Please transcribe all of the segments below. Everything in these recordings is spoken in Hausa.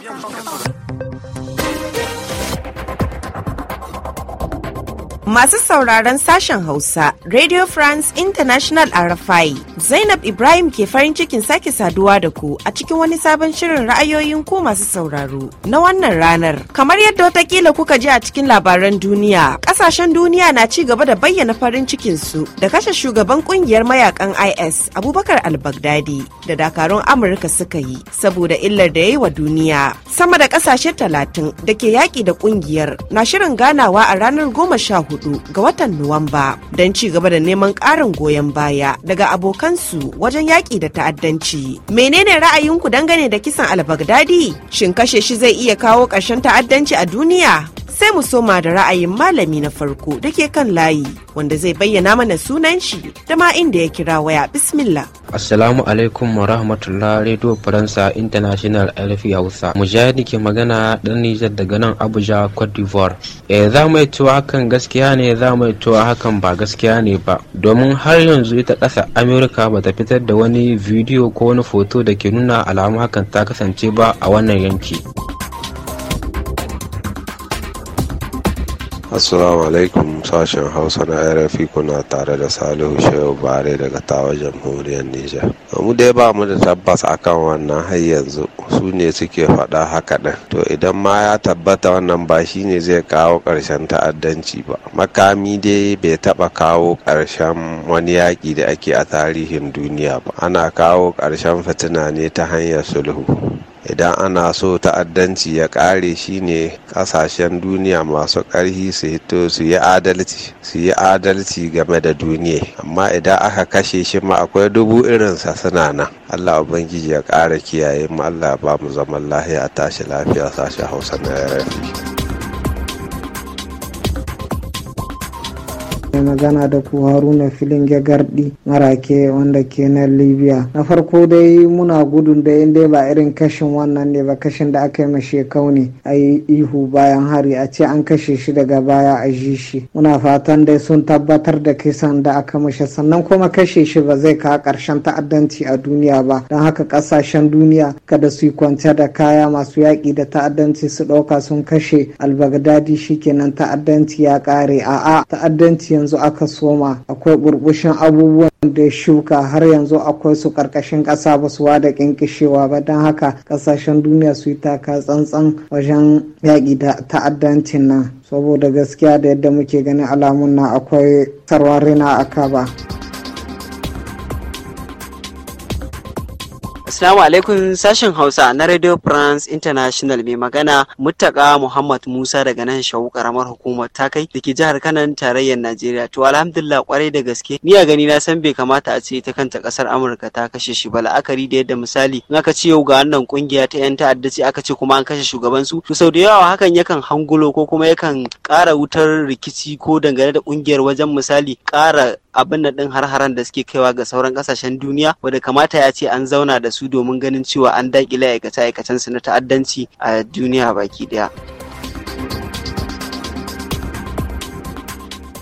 Bien, bien, bien. Masu sauraron sashen Hausa, Radio France International RFI, Zainab Ibrahim ke farin cikin sake saduwa da ku a cikin wani sabon shirin ra'ayoyin ku masu sauraro na wannan ranar. Kamar yadda watakila kuka ji a cikin labaran duniya, kasashen duniya na ci gaba da bayyana farin cikinsu da kashe shugaban kungiyar mayakan IS Abubakar al-Baghdadi da dakarun Amurka suka yi saboda illar da ya yi wa duniya. sama da kasashe talatin da ke yaƙi da ƙungiyar na shirin ganawa a ranar goma sha hudu ga watan Nuwamba don ci gaba da neman ƙarin goyon baya daga abokansu wajen yaƙi da ta'addanci. Menene ra'ayinku dangane da kisan albagdadi? Shin kashe shi zai iya kawo ƙarshen ta'addanci a duniya? sai mu soma da ra'ayin malami na farko da ke kan layi wanda zai bayyana mana sunan shi da ma inda ya kira waya bismillah Assalamu alaikum wa rahmatullah Radio Faransa International Alfi Hausa. Mujahidi ke magana dan Nijar daga nan Abuja, Cote d'Ivoire. Eh za mu cewa hakan gaskiya ne za mu cewa hakan ba gaskiya ne ba. Domin har yanzu ita kasa Amurka ba ta fitar da wani bidiyo ko wani foto da ke nuna alamu hakan ta kasance ba a wannan yanki. assalamu alaikum sashen hausa na rfi kuna tare da salihu shehu bare daga tawa jamhuriyar nijar mu dai ba mu da tabbas akan wannan har yanzu su ne suke faɗa haka ɗin to idan ma ya tabbata wannan ba shi ne zai kawo ƙarshen ta'addanci ba makami dai bai taɓa kawo ƙarshen wani yaƙi da ake a tarihin duniya ba ana kawo ƙarshen fitina ne ta hanyar sulhu idan ana so ta'addanci ya kare ne kasashen duniya masu karhi su hito su yi adalci su yi adalci game da duniya amma idan aka kashe shi ma akwai dubu irinsa suna nan allah ubangiji ya kara kiyaye mu allah ba mu zaman lahiya tashi lafiya sashen hausa na yarafi mai magana da ku haruna filin gardi marake wanda ke na libya na farko dai muna gudun da inda ba irin kashin wannan ne ba kashin da aka yi ma shekau ne a yi ihu bayan hari a ce an kashe shi daga baya a ji shi muna fatan dai sun tabbatar da kisan da aka mashi sannan kuma kashe shi ba zai kawo karshen ta'addanci a duniya ba don haka ƙasashen duniya kada su yi kwanciya da kaya masu yaƙi da ta'addanci su ɗauka sun kashe shi shikenan ta'addanci ya kare a'a ta'addanci yanzu yanzu aka soma akwai burbushin abubuwan da ya shuka har yanzu akwai su karkashin ƙasa ba su wada kinkishewa ba don haka ƙasashen duniya su yi taka tsantsan wajen yaƙi da ta'addancin nan saboda gaskiya da yadda muke ganin alamun na akwai na a ba. Assalamu alaikum sashen Hausa na Radio France International mai magana Muttaka Muhammad Musa daga nan shawu karamar hukumar ta da ke jihar Kanan tarayyar Najeriya. To alhamdulillah kwarai da gaske ni a gani na san bai kamata a ce ta kanta kasar Amurka ta kashe shi ba la'akari da yadda misali in aka ce yau ga wannan kungiya ta yan ta'adda ce aka ce kuma an kashe shugaban su. To sau da yawa hakan yakan hangulo ko kuma yakan kara wutar rikici ko dangane da kungiyar wajen misali kara abin da din har-haren da suke kaiwa ga sauran kasashen duniya wanda kamata ya ce an zauna da su su domin ganin cewa an daƙile aikace-aikacensu na ta'addanci a duniya baki ɗaya.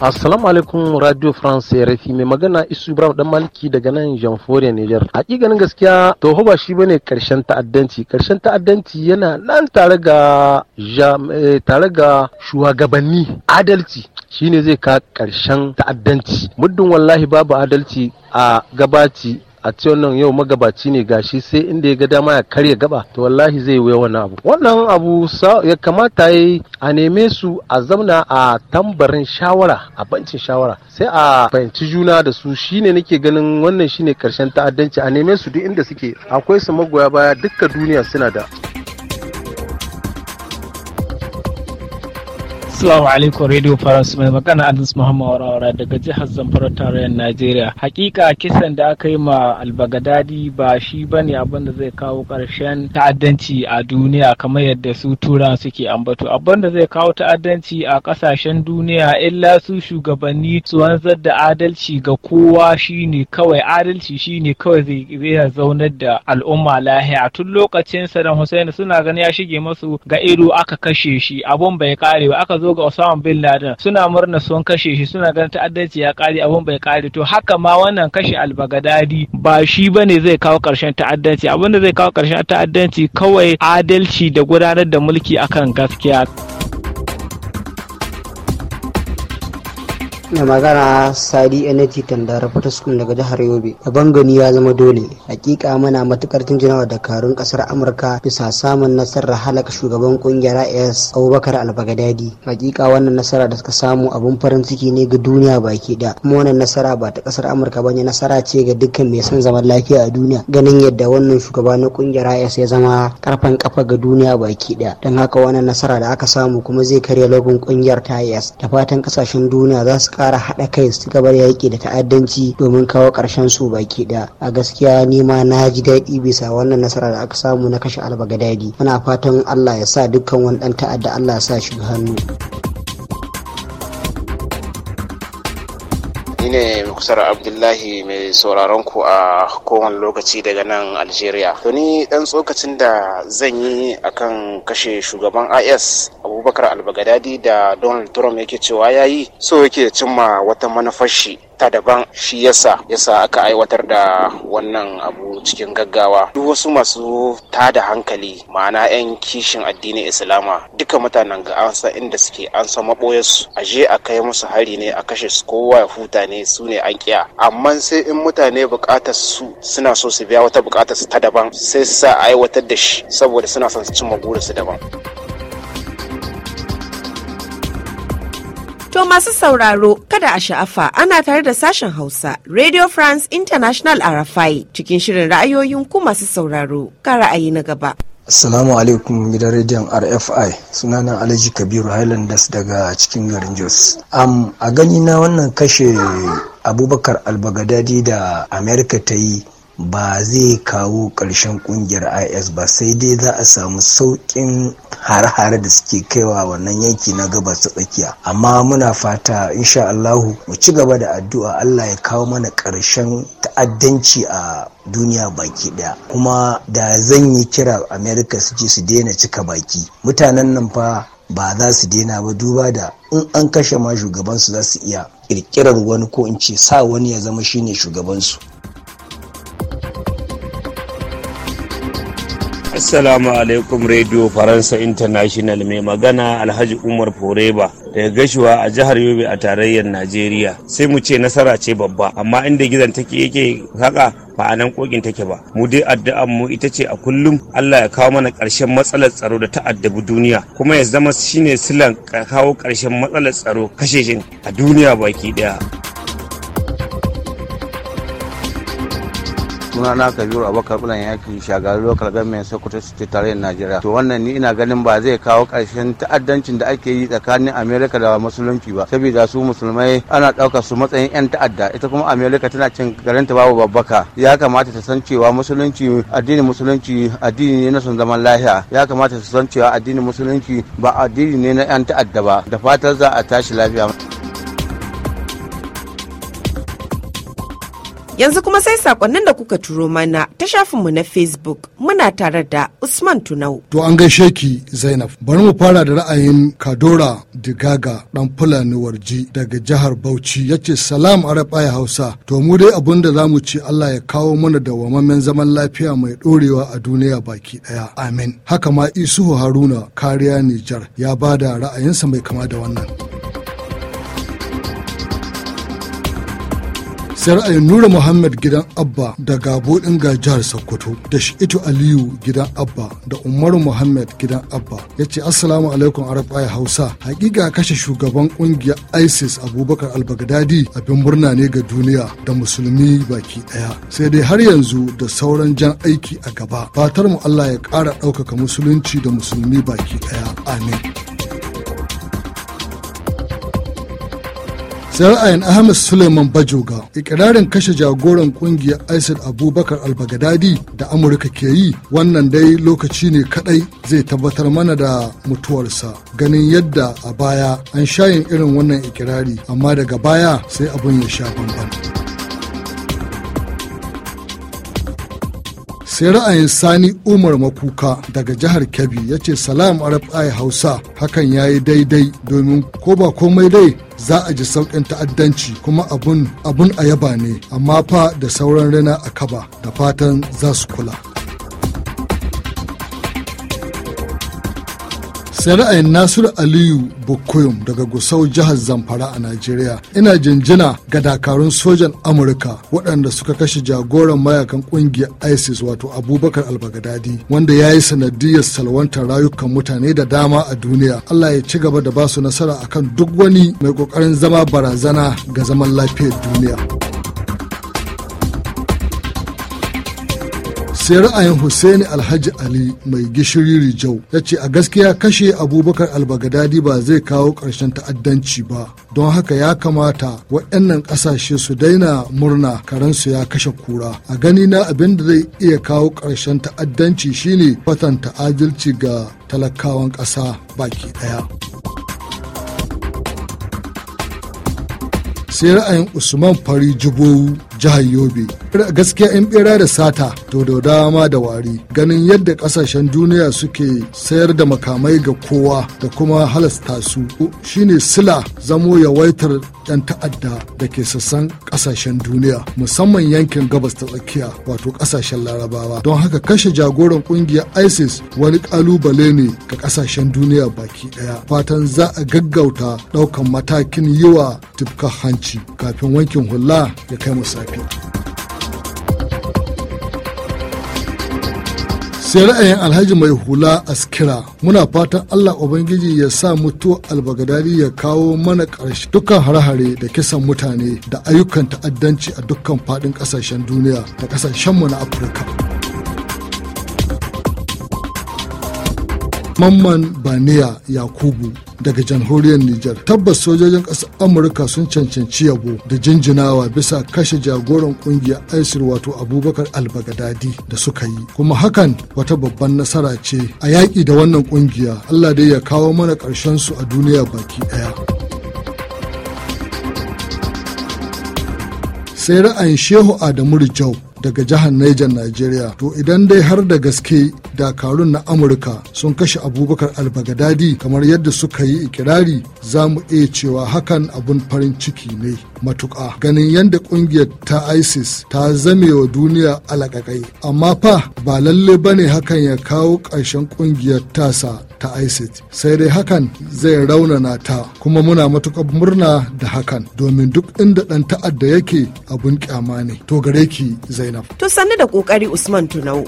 Assalamu alaikum Radio France rafi mai magana Isu Ibrahim dan Maliki daga nan Jamhuriyar Niger. Hakikanin gaskiya toho ba shi bane karshen ta'addanci. Karshen ta'addanci yana nan tare ga eh, tare ga shugabanni adalci shine zai ka karshen ta'addanci. Muddin wallahi babu adalci a gabaci a ce wannan yau magabaci ne gashi sai inda ya ga dama ya karya gaba to wallahi zai wuya wani abu wannan abu ya kamata yi a neme su a zamna a tambarin shawara a bancin shawara sai a fahimci juna da su shine nake ganin wannan shine karshen ta'addanci a neme su duk inda suke akwai su magoya baya dukkan duniya suna da Assalamu alaikum Radio Faras mai magana Adams Muhammad Warawara daga jihar Zamfara tarayyar Najeriya. Hakika kisan da aka yi ma albagadadi ba shi bane abin da zai kawo ƙarshen ta'addanci a duniya kamar yadda su turan suke ambato. Abin da zai kawo ta'addanci a ƙasashen duniya illa su shugabanni su wanzar da adalci ga kowa shine kawai adalci shine kawai zai zaunar da al'umma lahiya. Tun lokacin Saddam Hussein suna ganin ya shige masu ga ido aka kashe shi abun bai kare ba aka zo ga Osama bin Laden suna murna sun kashe shi suna ganin ta'addanci ya kare abun bai kare to haka ma wannan kashe albagadadi ba shi bane zai kawo karshen ta'addanci abin da zai kawo karshen ta'addanci kawai adalci da gudanar da mulki akan gaskiya. na magana sadi energy tandara fataskun daga jihar yobe daban gani ya zama dole hakika muna matukar tunjinawa dakarun kasar amurka bisa samun nasarar halaka shugaban kungiyar is abubakar albagadadi hakika wannan nasara da suka samu abun farin ciki ne ga duniya baki da kuma wannan nasara ba ta kasar amurka bane nasara ce ga dukkan mai son zaman lafiya a duniya ganin yadda wannan shugaba na kungiyar is ya zama karfan kafa ga duniya baki da don haka wannan nasara da aka samu kuma zai karya logon kungiyar ta as da fatan kasashen duniya za su Kara haɗa kai su gabar yaƙi da ta'addanci domin kawo ƙarshen su baki ɗaya a gaskiya ni ma na ji daɗi bisa wannan nasara da aka samu na kashe albagadadi muna fatan allah ya sa dukkan wani ɗan ta'adda allah ya sa shi hannu. ni ne kusar abdullahi mai sauraron ku a kowane lokaci daga nan algeria to ni dan tsokacin da zan yi akan kashe shugaban is abubakar albagadadi da donald trump yake cewa ya yi so yake cimma wata manufar shi ta daban shi yasa yasa aka aiwatar da wannan abu cikin gaggawa duk wasu masu ta da hankali ma'ana 'yan kishin addinin islama duka mutanen ga an san inda suke an san maboyarsu a je a kai musu hari ne a kashe su kowa ya huta ne su ne an kiya amma sai in mutane bukatar su suna so su biya wata bukatar su ta daban sai su sa aiwatar da shi saboda suna son su cimma burinsu daban. To masu sauraro kada a sha'afa ana tare da sashen Hausa Radio France International RFI cikin shirin ra'ayoyin ku masu sauraro ka ra'ayi na gaba. Assalamu alaikum gidan rediyon RFI sunana Alhaji Kabiru Highlanders daga cikin garin Jos. Am a gani na wannan kashe Abubakar Albagadadi da Amerika ta yi ba zai kawo ƙarshen ƙungiyar is ba sai dai za a samu sauƙin har-hare da suke kaiwa wannan yanki na gabas ta tsakiya amma muna fata insha Allahu mu ci gaba da addu'a Allah ya kawo mana ƙarshen ta'addanci a duniya baki daya kuma da zan yi kira America su je su daina cika baki mutanen nan fa ba za su daina ba duba da in an kashe ma shugabansu za su iya ƙirƙirar wani ko in ce sa wani ya zama shine shugabansu Assalamu alaikum Radio Faransa International mai magana Alhaji Umar Foreba daga gashuwa a jihar Yobe a tarayyar Najeriya. Sai mu ce nasara ce babba, amma inda gizon take yake haka ba a nan kokin take ba. Mu dai addu'an mu ita ce a kullum Allah ya kawo mana ƙarshen matsalar tsaro da ta addabi duniya, kuma ya zama shine silan kawo ƙarshen matsalar tsaro kashe a duniya baki ɗaya. suna sunana kabiru abubakar bulan yaki shagari lokal government sokoto state da najeriya to wannan ni ina ganin ba zai kawo karshen ta'addancin da ake yi tsakanin america da musulunci ba saboda su musulmai ana ɗaukar su matsayin 'yan ta'adda ita kuma america tana cin garinta babu babbaka ya kamata ta san cewa musulunci addinin musulunci addini ne na son zaman lahiya. ya kamata ta san cewa addinin musulunci ba addini ne na 'yan ta'adda ba da fatan za a tashi lafiya. Yanzu kuma sai sakonnin da kuka turo mana ta shafinmu na Facebook muna tare da Usman Tunau. To an gaishe ki Zainab. Bari mu fara da ra'ayin Kadora Digaga dan Fulani Warji daga jihar Bauchi yace salam ya Hausa. To mu dai abun da za mu ce Allah ya kawo mana da wamammen zaman lafiya mai dorewa a duniya baki daya. Amin. Haka ma Isuhu Haruna kariya Nijar ya bada ra'ayinsa mai kama da wannan. sai ra'ayin nura muhammad gidan abba da gabo ga jihar sokoto da shi'itu aliyu gidan abba da umaru muhammad gidan abba ya ce assalamu alaikum arabaya hausa hakika kashe shugaban kungiyar isis abubakar albagadadi abin murna ne ga duniya da musulmi baki daya sai dai har yanzu da sauran jan aiki a gaba fatar mu allah ya kara ɗaukaka musulunci da musulmi baki daya amin sai ra'ayin ahmed suleiman bajoga ikirarin kashe jagoran kungiyar isil abubakar albagadadi da amurka ke yi wannan dai lokaci ne kadai zai tabbatar mana da mutuwarsa ganin yadda a baya an shayin irin wannan ikirari amma daga baya sai abin ya sha bambam. sai ra'ayin sani umar makuka daga jihar kebbi ya ce salam rfi hausa hakan ya yi daidai domin ko ba komai dai za a ji sauƙin ta'addanci kuma abun abun a yaba ne amma fa da sauran rana a kaba da fatan za su kula sai ra'ayin nasiru aliyu bukoyum daga gusau jihar zamfara a najeriya ina jinjina ga dakarun sojan amurka waɗanda suka kashe jagoran mayakan ƙungiyar isis wato abubakar albagadadi wanda ya yi sanadiyar salwantar rayukan mutane da dama a duniya allah ya ci gaba da ba su nasara akan duk wani mai ƙoƙarin zama barazana ga zaman lafiyar duniya. sai ra'ayin hussein Alhaji Ali mai gishiri Rijau ya ce a gaskiya kashe Abubakar Albagadadi ba zai kawo ƙarshen ta'addanci ba don haka ya kamata waɗannan ƙasashe su daina murna karensu ya kashe kura a gani na abin da zai iya kawo ƙarshen ta'addanci shine kwatanta adalci ga talakawan ƙasa baki ɗaya. sai ra'ayin usman fari jibowu jihar yobe gaskiya in bera da sata to da dama da wari ganin yadda kasashen duniya suke sayar da makamai ga kowa da kuma halasta su shine sila zamo yawaitar 'yan ta'adda da ke sassan kasashen duniya musamman yankin gabas ta tsakiya wato kasashen larabawa don haka kashe jagoran kungiyar isis wani kalubale ne ga kasashen duniya baki daya fatan za a gaggauta daukan matakin yiwa tufka hanci kafin wankin hula ya kai musafi. sai ra'ayin alhaji mai hula askira muna fatan allah ubangiji ya sa mutuwar albagadari ya kawo mana ƙarshe dukkan hare-hare da kisan mutane da ayyukan ta'addanci a dukkan faɗin kasashen duniya da ƙasashenmu na afirka Mamman Baniya Yakubu daga jamhuriyar Nijar. Tabbas sojojin ƙasar Amurka sun cancanci yabo da jinjinawa bisa kashe jagoran ƙungiyar ISIL wato Abubakar Albagadadi da suka yi. Kuma hakan wata babban nasara ce a yaƙi da wannan ƙungiya. Allah dai ya kawo mana ƙarshen su a duniya baki ɗaya. sai ra'ayin shehu adamu rijau daga jihar Niger Nigeria to idan dai har da gaske dakarun na Amurka sun kashe Abubakar Albagadadi kamar yadda suka yi ikirari za mu iya cewa hakan abun farin ciki ne matuƙa ganin yadda ƙungiyar ta ISIS ta zame wa duniya alaƙaƙai amma fa ba lalle bane hakan ya kawo ƙarshen ƙungiyar tasa ta ISIS. Sai dai hakan zai raunana ta kuma muna matuƙar murna da hakan domin duk inda ɗan ta'adda yake abun kyama ne. To gare ki Zainab. To sanni da ƙoƙari Usman Tunau.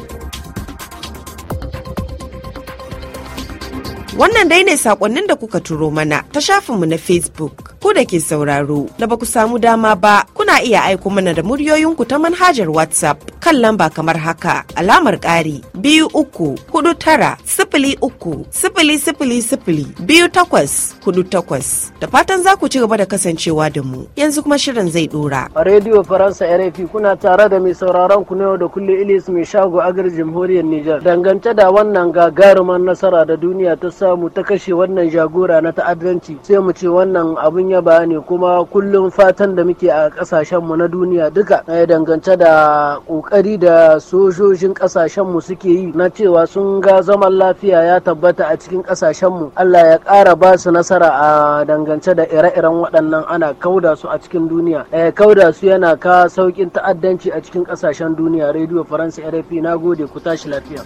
Wannan dai ne sakonnin da kuka turo mana ta shafinmu na Facebook. Ku da ke sauraro da ba ku samu dama ba kuna iya aiko mana da muryoyinku ta manhajar WhatsApp kan lamba kamar haka alamar ƙari biyu uku hudu tara sifili uku sifili sifili sifili biyu takwas hudu takwas. Da fatan za ku ci gaba da kasancewa da mu yanzu kuma shirin zai dora. A rediyo Faransa RFI kuna tare da mai sauraron ku na yau da kullum Ilis mai shago a agar jamhuriyar Nijar. Dangance da wannan gagarumar nasara da duniya ta sa samu ta kashe wannan jagora na ta'addanci sai mu ce wannan abun ya ne kuma kullum fatan da muke a kasashenmu na duniya duka ya dangance da kokari da sojojin kasashenmu suke yi na cewa sun ga zaman lafiya ya tabbata a cikin kasashenmu Allah ya ƙara ba su nasara a dangance da ire-iren waɗannan ana kauda su a cikin duniya eh, kauda su yana ka sauƙin ta'addanci a cikin kasashen duniya rediyo faransa rfi na gode ku tashi lafiya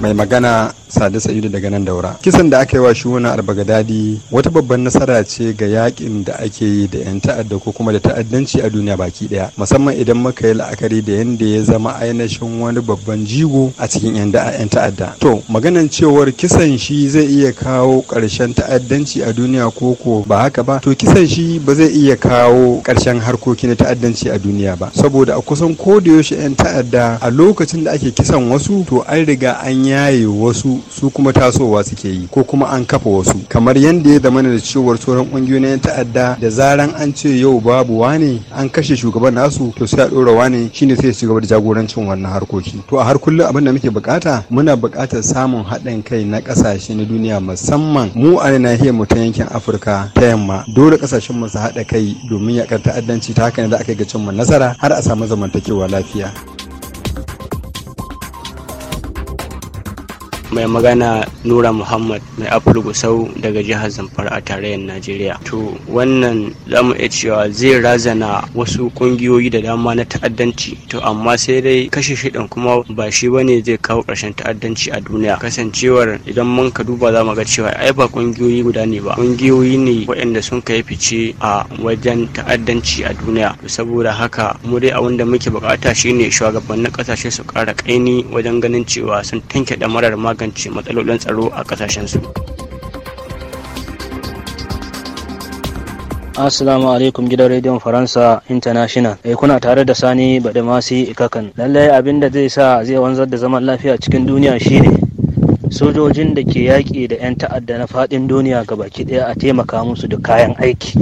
mai magana Sade Sa'idu daga nan daura. Kisan da aka yi wa shuna Albagadadi wata babban nasara ce ga yakin da ake yi da 'yan ta'adda ko kuma da ta'addanci a duniya baki daya musamman idan muka yi la'akari da yanda ya zama ainihin wani babban jigo a cikin 'yan ta'adda. To maganan cewar kisan shi zai iya kawo karshen ta'addanci a duniya ko ko ba haka ba to kisan shi ba zai iya kawo karshen harkoki na ta'addanci a duniya ba saboda a kusan ko da yaushe 'yan ta'adda a lokacin da ake kisan wasu to an riga an yaye wasu su kuma tasowa suke yi ko kuma an kafa wasu kamar yadda ya zamana da cewar sauran ƙungiyoyin ta'adda da zaran an ce yau babu wane an kashe shugaban nasu to sai a ɗora wane shine sai su gaba da jagorancin wannan harkoki to a har kullum abin da muke bukata muna bukatar samun haɗin kai na ƙasashe na duniya musamman mu a nahiyar mu ta yankin afirka ta yamma dole ƙasashen mu su haɗa kai domin yaƙar ta'addanci ta haka ne za aka ga cimma nasara har a samu zamantakewa lafiya. mai magana nura muhammad mai apple gusau daga jihar zamfara a tarayyar najeriya to wannan za mu iya cewa zai razana wasu kungiyoyi da dama na ta'addanci to amma sai dai kashe shidan kuma ba shi bane zai kawo ƙarshen ta'addanci a duniya kasancewar idan mun ka duba za mu ga cewa ai ba kungiyoyi guda ne ba kungiyoyi ne waɗanda sun kai fice a wajen ta'addanci a duniya to saboda haka mu dai abin da muke bukata shine shugabannin ƙasashe su ƙara ƙaini wajen ganin cewa sun tanke marar magani magance matsalolin tsaro a su. Assalamu alaikum gidan rediyon Faransa International. Eh kuna tare da Sani Badamasi Ikakan. Lallai abin da zai sa zai wanzar da zaman lafiya cikin duniya shine sojojin da ke yaƙi da 'yan ta'adda na faɗin duniya ga baki ɗaya a taimaka musu da kayan aiki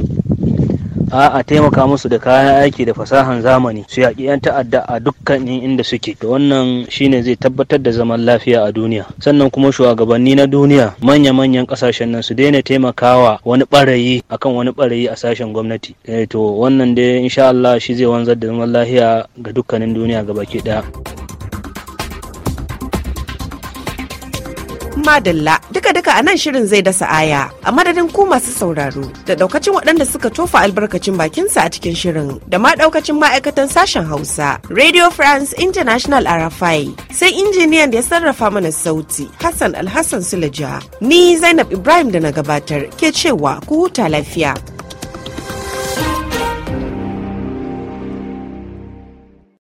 a a taimaka musu da kayan aiki da fasahan zamani su yaki 'yan ta'adda a dukkanin inda suke da wannan shine zai tabbatar da zaman lafiya a duniya sannan kuma shugabanni na duniya manya-manyan ƙasashen nan su daina taimakawa wani ɓarayi akan wani ɓarayi a sashen gwamnati eh, to wannan dai insha Allah shi zai wanzar da zaman lafiya ga dukkanin duniya gabaki ɗaya. madalla duka-duka a nan shirin zai dasa aya a madadin ku masu sauraro da daukacin waɗanda suka tofa albarkacin bakinsa a cikin shirin da ma daukacin ma'aikatan sashen hausa radio france international arafai sai injiniyan da ya sarrafa mana sauti hassan alhassan sulaja ni zainab ibrahim da na gabatar ke cewa ku huta lafiya.